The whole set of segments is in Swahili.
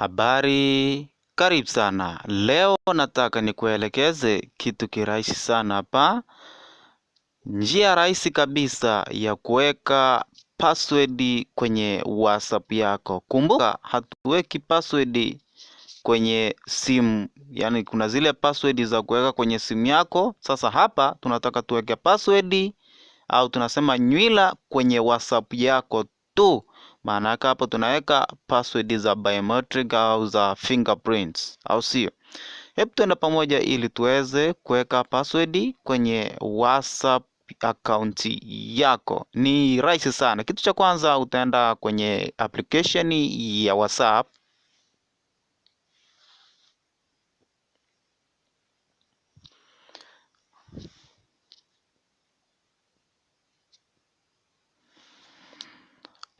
Habari, karibu sana. Leo nataka nikuelekeze kitu kirahisi sana hapa. Njia rahisi kabisa ya kuweka password kwenye WhatsApp yako. Kumbuka hatuweki password kwenye simu, yaani kuna zile password za kuweka kwenye simu yako. Sasa hapa tunataka tuweke password au tunasema nywila kwenye WhatsApp yako tu maana yake hapo tunaweka password za biometric au za fingerprints, au sio? Hebu tuenda pamoja ili tuweze kuweka password kwenye WhatsApp akaunti yako. Ni rahisi sana. Kitu cha kwanza utaenda kwenye application ya WhatsApp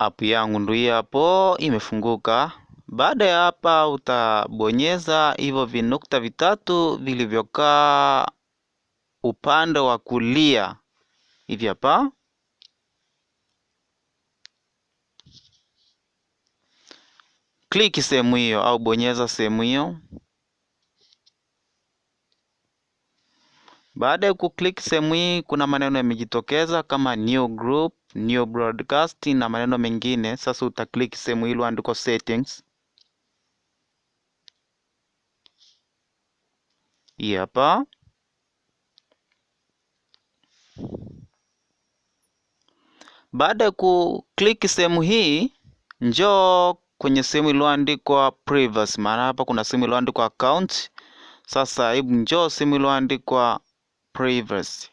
app yangu ndio hii hapo imefunguka. Baada ya hapa utabonyeza hivyo vinukta vitatu vilivyokaa upande wa kulia hivi hapa. Kliki sehemu hiyo au bonyeza sehemu hiyo. Baada ya kuklik sehemu hii kuna maneno yamejitokeza kama new group, new broadcast na maneno mengine. Sasa utaklik sehemu hii iliyoandikwa settings. Hii hapa. Baada ya kuklik sehemu hii, njoo kwenye sehemu iliyoandikwa privacy, maana hapa kuna sehemu iliyoandikwa account. Sasa hebu njoo sehemu iliyoandikwa Cleves.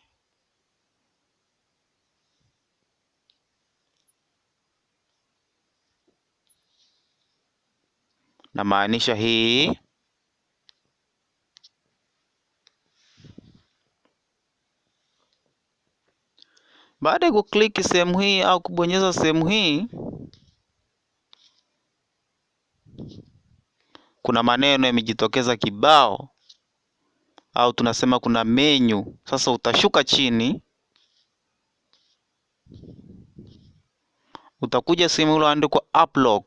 Na maanisha hii baada ya kukliki sehemu hii au kubonyeza sehemu hii, kuna maneno yamejitokeza kibao au tunasema kuna menyu. Sasa utashuka chini, utakuja sehemu iliyoandikwa Uplock.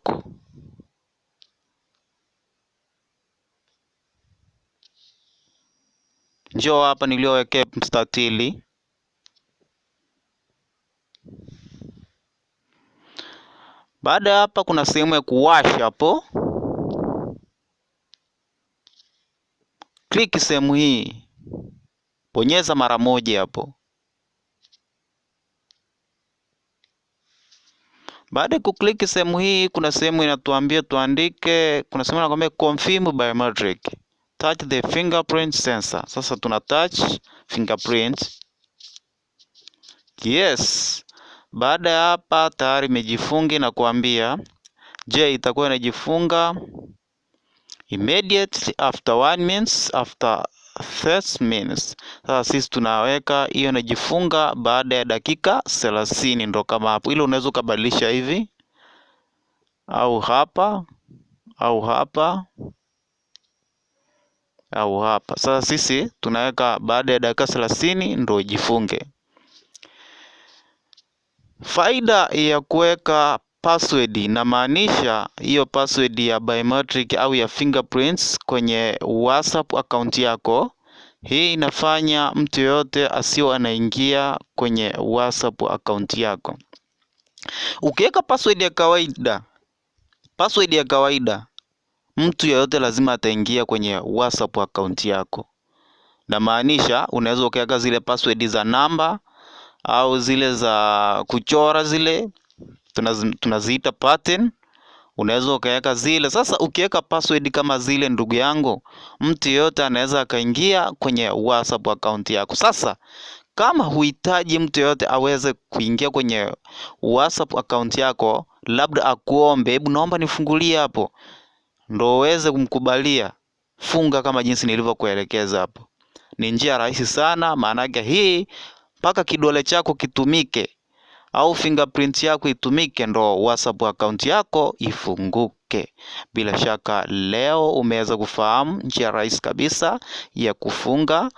Njoo hapa niliowekea mstatili baada ya hapa kuna sehemu ya kuwasha hapo. Click sehemu hii, bonyeza mara moja hapo. Baada ya kukliki sehemu hii, kuna sehemu inatuambia tuandike, kuna sehemu inakwambia confirm biometric, touch the fingerprint sensor. Sasa tuna touch fingerprint. Yes. Baada ya hapa tayari imejifunga na kuambia, je, itakuwa inajifunga immediately after one means after thirty minutes. Sasa sisi tunaweka hiyo inajifunga baada ya dakika thelathini, ndo kama hapo. Ile unaweza ukabadilisha hivi au hapa au hapa au hapa. Sasa sisi tunaweka baada ya dakika thelathini ndo ijifunge. Faida ya kuweka password inamaanisha hiyo password ya biometric au ya fingerprints kwenye WhatsApp account yako. Hii inafanya mtu yoyote asio anaingia kwenye WhatsApp account yako. Ukiweka password ya kawaida, password ya kawaida, mtu yoyote lazima ataingia kwenye WhatsApp account yako. Namaanisha unaweza ukaweka zile password za namba au zile za kuchora zile tunaziita pattern unaweza ukaweka zile. Sasa ukiweka password kama zile, ndugu yangu, mtu yeyote anaweza akaingia kwenye WhatsApp account yako. Sasa kama huhitaji mtu yeyote aweze kuingia kwenye WhatsApp account yako, labda akuombe, hebu naomba nifungulie hapo, ndo uweze kumkubalia. Funga kama jinsi nilivyokuelekeza hapo. Ni njia rahisi sana, maanake hii mpaka kidole chako kitumike au fingerprint yako itumike ndo WhatsApp account yako ifunguke. Bila shaka leo umeweza kufahamu njia rahisi kabisa ya kufunga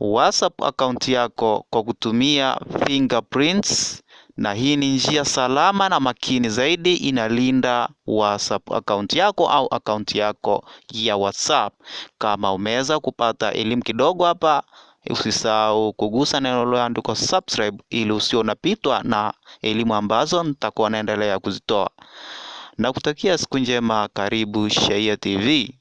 WhatsApp account yako kwa kutumia fingerprints, na hii ni njia salama na makini zaidi, inalinda WhatsApp account yako au account yako ya WhatsApp. Kama umeweza kupata elimu kidogo hapa Usisahau kugusa neno lililoandikwa subscribe ili usio unapitwa na elimu ambazo nitakuwa naendelea kuzitoa. Nakutakia siku njema, karibu Shayia TV.